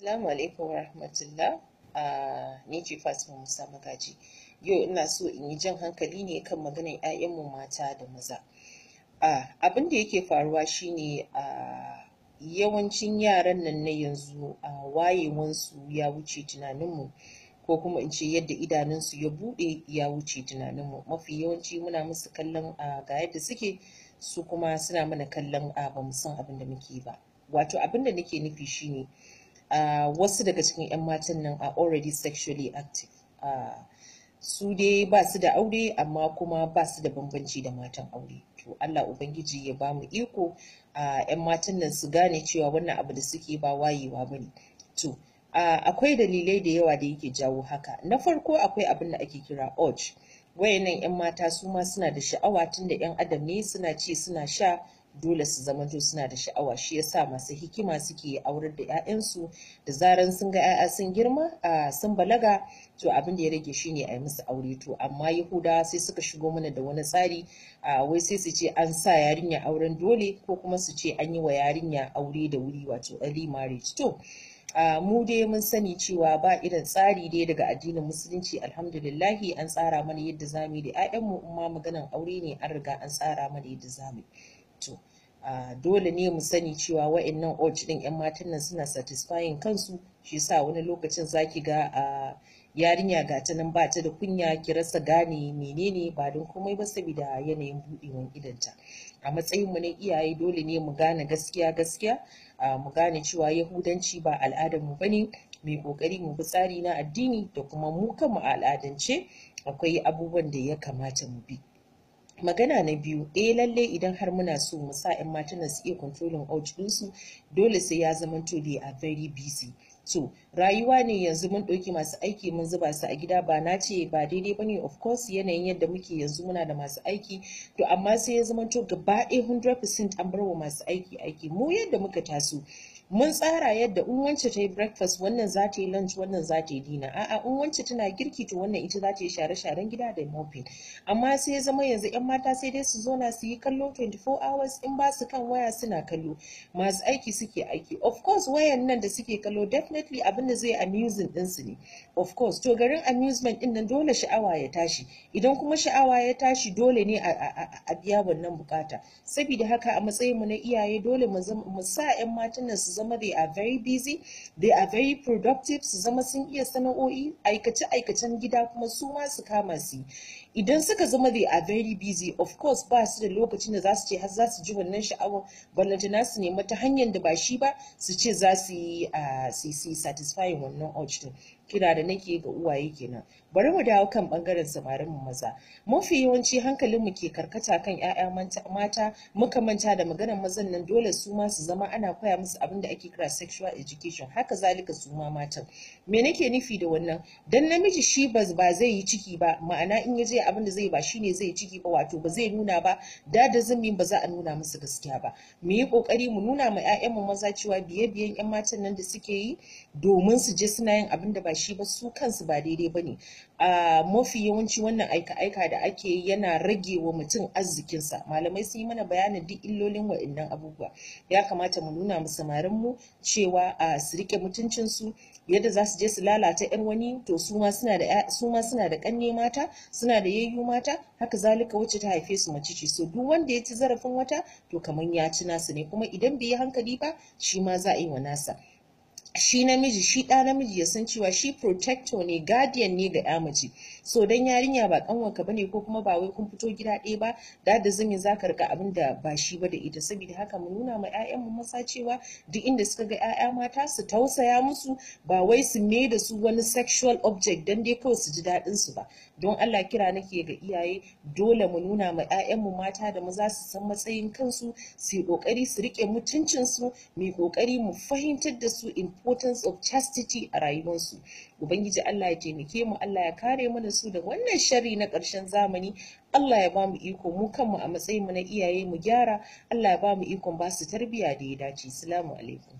Assalamu alaikum wa rahmatullah. Ah, ni ce Fatima Musa Magaji. Yau ina so in yi jan hankali ne kan maganar 'ya'yanmu mata da maza. Ah, abin da yake faruwa shine ah, yawancin yaran nan na yanzu wayewansu ya wuce tunaninmu ko kuma in ce yadda idanunsu ya buɗe ya wuce tunaninmu. Mafi yawanci muna musu kallon ga yadda suke su kuma suna mana kallon ba mu san abin da muke ba. Wato abin da nake nufi shine ne wasu daga cikin 'yan matan nan a already sexually active su dai ba su da aure amma kuma ba su da bambanci da matan aure to Allah ubangiji ya ba mu iko a 'yan matan nan su gane cewa wannan abu da suke ba wayewa ba ne to akwai dalilai da yawa da yake jawo haka na farko akwai abin da ake kira urge wayannan 'yan mata su ma suna da sha'awa tun da 'yan adam ne suna ci suna sha dole su zamanto suna da sha'awa shi yasa masu hikima suke aurar da 'ya'yansu da zaran sun ga 'ya'ya sun girma a sun balaga to abin da ya rage shine a yi musu aure to amma yahuda sai suka shigo mana da wani tsari a wai sai su ce an sa yarinya auren dole ko kuma su ce an yi wa yarinya aure da wuri wato early marriage to mu dai mun sani cewa ba irin tsari dai daga addinin musulunci alhamdulillahi an tsara mana yadda zamu yi da 'ya'yanmu Amma maganan aure ne an riga an tsara mana yadda zamu yi to dole ne mu sani cewa wa'annan ot din yan matan nan suna satisfying kansu shi sa wani lokacin zaki ga a yarinya ga ta nan ba ta da kunya ki rasa gane menene ba don komai ba saboda yanayin budewan idanta a matsayinmu na iyaye dole ne mu gane gaskiya gaskiya mu gane cewa yahudanci ba al'adar mu bane mai kokari mu bi tsari na addini da kuma mu kanmu al'adance akwai abubuwan da ya kamata mu bi magana na biyu eh lallai idan har muna so mu sa 'yan matan su iya controlling out ɗinsu dole sai ya zama to dey a very busy so rayuwa ne yanzu mun ɗauki masu aiki mun zuba su a gida ba na ce ba daidai bane of course yanayin yadda muke yanzu muna da masu aiki to amma sai ya zama to gaba ɗaya 100% an bar wa masu aiki aiki mu yadda muka taso mun tsara yadda in wance ta yi breakfast wannan za ta yi lunch wannan za ta yi dina a'a in wance tana girki to wannan ita za ta yi share-sharen gida da mopping amma sai zama yanzu yan mata sai dai su na su yi kallo 24 hours in ba su kan waya suna kallo masu aiki suke aiki of course wayan nan da suke kallo definitely abin da zai amusing din su ne of course to garin amusement din nan dole sha'awa ya tashi idan kuma sha'awa ya tashi dole ne a biya wannan bukata saboda haka a matsayin mu na iyaye dole mu sa yan matan nan su zama they are very busy they are very productive su zama sun iya sana'o'i aikace aikacen gida kuma su ma su kama su idan suka zama they are very busy of course ba su da lokacin da za su ce har za su ji wannan sha'awar ballantana su nema ta hanyar da ba shi ba su ce za su yi ah, satisfying wannan urge din kira da nake ga uwaye kenan bari mu dawo kan bangaren samarin mu maza mafi yawanci hankalin mu ke karkata kan ƴaƴa mata muka manta da maganar mazan nan dole su ma su zama ana koya musu abin da ake kira sexual education haka zalika su ma matan me nake nufi da wannan dan namiji shi ba zai yi ciki ba ma'ana in ya je abin da zai ba shine zai ciki ba wato ba zai nuna ba da da zumi ba za a nuna musu gaskiya ba mu yi kokari mu nuna ma ƴaƴan mu maza cewa biye-biyen ƴan matan nan da suke yi domin su je suna yin abin da ba shi ba su kansu ba daidai ba ne a mafi yawanci wannan aika-aika da ake yana rage wa mutum arzikinsa malamai sun yi mana bayanin duk illolin wa'annan abubuwa ya kamata mu nuna samarin mu cewa a su rike mutuncinsu yadda za su je su lalata 'yar wani to su ma suna da ƙanne mata suna da yayyu mata haka zalika wacce ta haife su macici so duk wanda ya ci zarafin wata to kamar ya ci nasu ne kuma idan bai yi hankali ba shi ma za a yi wa nasa shi namiji shi ɗa namiji ya san cewa shi protector ne guardian ne ga ya mace so dan yarinya ba kanwanka bane ko kuma ba wai kun fito gida ɗaya ba da da zan yi ka rika abin da ba shi ba da ita saboda haka mu nuna ma ƴaƴan mu masa cewa duk inda suka ga ƴaƴa mata su tausaya musu ba wai su me da su wani sexual object dan dai kawai su ji daɗin su ba don Allah kira nake ga iyaye dole mu nuna ma ƴaƴan mu mata da maza su san matsayin kansu su yi kokari su rike mutuncin su mu kokari mu fahimtar da su in importance of chastity a rayuwarsu ubangiji Allah ya taimake mu Allah ya kare mana su da wannan shari na ƙarshen zamani Allah ya ba mu iko mu kanmu a matsayin mu na iyaye mu gyara Allah ya ba mu ikon ba su tarbiyya da ya dace assalamu alaikum